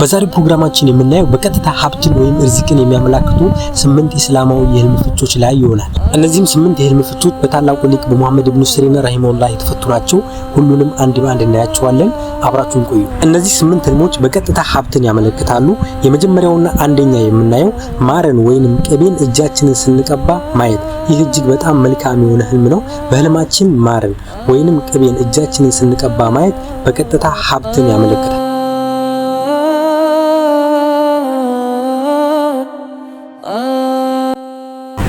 በዛሬ ፕሮግራማችን የምናየው በቀጥታ ሀብትን ወይም እርዝቅን የሚያመላክቱ ስምንት እስላማዊ የህልም ፍቾች ላይ ይሆናል። እነዚህም ስምንት የህልም ፍቾች በታላቁ ሊቅ በሙሐመድ ኢብኑ ሲሪን ረሂመሁላህ የተፈቱ ናቸው። ሁሉንም አንድ በአንድ እናያቸዋለን። አብራችሁን ቆዩ። እነዚህ ስምንት ህልሞች በቀጥታ ሀብትን ያመለክታሉ። የመጀመሪያውና አንደኛ የምናየው ማርን ወይንም ቅቤን እጃችንን ስንቀባ ማየት። ይህ እጅግ በጣም መልካም የሆነ ህልም ነው። በህልማችን ማርን ወይንም ቅቤን እጃችንን ስንቀባ ማየት በቀጥታ ሀብትን ያመለክታል።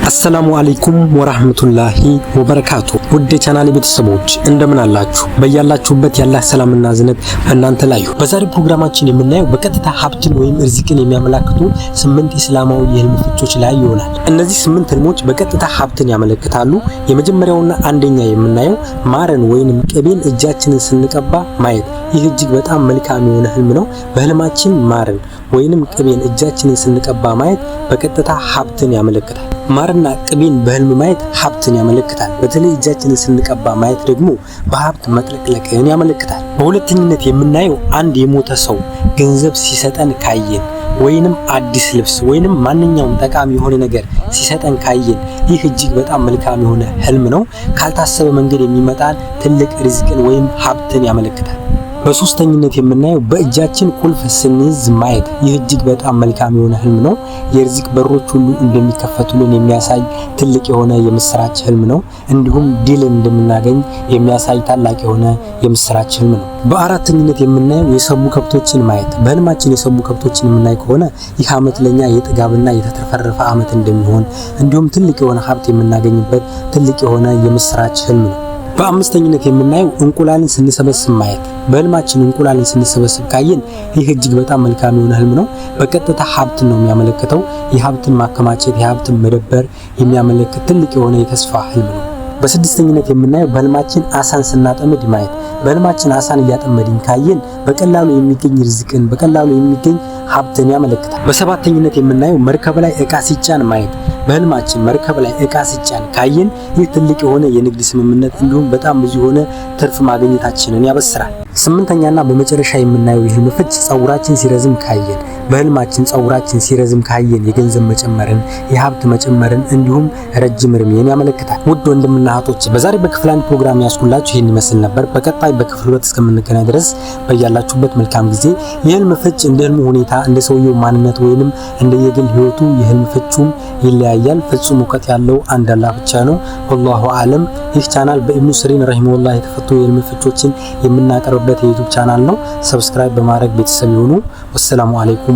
አሰላሙ አለይኩም ወራህመቱላሂ ወበረካቱ። ውድ የቻናሌ ቤተሰቦች እንደምን አላችሁ? በያላችሁበት ያላህ ሰላምና ዝነት በእናንተ ላይ። በዛሬው ፕሮግራማችን የምናየው በቀጥታ ሀብትን ወይም እርዝቅን የሚያመላክቱ ስምንት ኢስላማዊ የህልም ፍቾች ላይ ይሆናል። እነዚህ ስምንት ህልሞች በቀጥታ ሀብትን ያመለክታሉ። የመጀመሪያውና አንደኛ የምናየው ማረን ወይንም ቅቤን እጃችንን ስንቀባ ማየት። ይህ እጅግ በጣም መልካም የሆነ ህልም ነው። በህልማችን ማረን ወይንም ቅቤን እጃችንን ስንቀባ ማየት በቀጥታ ሀብትን ያመለክታል። ማርና ቅቤን በህልም ማየት ሀብትን ያመለክታል። በተለይ እጃችንን ስንቀባ ማየት ደግሞ በሀብት መጥለቅለቅን ያመለክታል። በሁለተኝነት የምናየው አንድ የሞተ ሰው ገንዘብ ሲሰጠን ካየን ወይንም አዲስ ልብስ ወይንም ማንኛውም ጠቃሚ የሆነ ነገር ሲሰጠን ካየን ይህ እጅግ በጣም መልካም የሆነ ህልም ነው። ካልታሰበ መንገድ የሚመጣን ትልቅ ሪዝቅን ወይም ሀብትን ያመለክታል። በሶስተኝነት የምናየው በእጃችን ቁልፍ ስንይዝ ማየት። ይህ እጅግ በጣም መልካም የሆነ ህልም ነው። የርዚቅ በሮች ሁሉ እንደሚከፈቱልን የሚያሳይ ትልቅ የሆነ የምስራች ህልም ነው። እንዲሁም ድል እንደምናገኝ የሚያሳይ ታላቅ የሆነ የምስራች ህልም ነው። በአራተኝነት የምናየው የሰሙ ከብቶችን ማየት። በህልማችን የሰሙ ከብቶችን የምናይ ከሆነ ይህ አመት ለኛ የጥጋብና የተትረፈረፈ አመት እንደሚሆን እንዲሁም ትልቅ የሆነ ሀብት የምናገኝበት ትልቅ የሆነ የምስራች ህልም ነው። በአምስተኝነት የምናየው እንቁላልን ስንሰበስብ ማየት። በህልማችን እንቁላልን ስንሰበስብ ካየን ይህ እጅግ በጣም መልካም የሆነ ህልም ነው። በቀጥታ ሀብትን ነው የሚያመለክተው። የሀብትን ማከማቸት፣ የሀብትን መደበር የሚያመለክት ትልቅ የሆነ የተስፋ ህልም ነው። በስድስተኝነት የምናየው በህልማችን አሳን ስናጠምድ ማየት። በህልማችን አሳን እያጠመድን ካየን በቀላሉ የሚገኝ ርዝቅን በቀላሉ የሚገኝ ሀብትን ያመለክታል። በሰባተኝነት የምናየው መርከብ ላይ እቃ ሲጫን ማየት። በህልማችን መርከብ ላይ እቃ ሲጫን ካየን ይህ ትልቅ የሆነ የንግድ ስምምነት እንዲሁም በጣም ብዙ የሆነ ትርፍ ማግኘታችንን ያበስራል። ስምንተኛና በመጨረሻ የምናየው የህልም ፍች ጸጉራችን ሲረዝም ካየን በህልማችን ጸጉራችን ሲረዝም ካየን የገንዘብ መጨመርን፣ የሀብት መጨመርን እንዲሁም ረጅም እርሜን ያመለክታል። ውድ ወንድምና እህቶች በዛሬ በክፍል አንድ ፕሮግራም ያስኩላችሁ ይህን ይመስል ነበር። በቀጣይ በክፍል ሁለት እስከምንገናኝ ድረስ በያላችሁበት መልካም ጊዜ። የህልም ፍች እንደ ህልሙ ሁኔታ እንደ ሰውየው ማንነት ወይንም እንደ የግል ህይወቱ የህልም ፍቹም ይለያያል። ፍጹም እውቀት ያለው አንድ አላህ ብቻ ነው። ወላሁ አለም። ይህ ቻናል በኢብኑ ስሪን ረሂመሁላህ የተፈቱ የህልም ፍቾችን የምናቀርብበት የዩቱብ ቻናል ነው። ሰብስክራይብ በማድረግ ቤተሰብ ይሁኑ። ወሰላሙ አለይኩም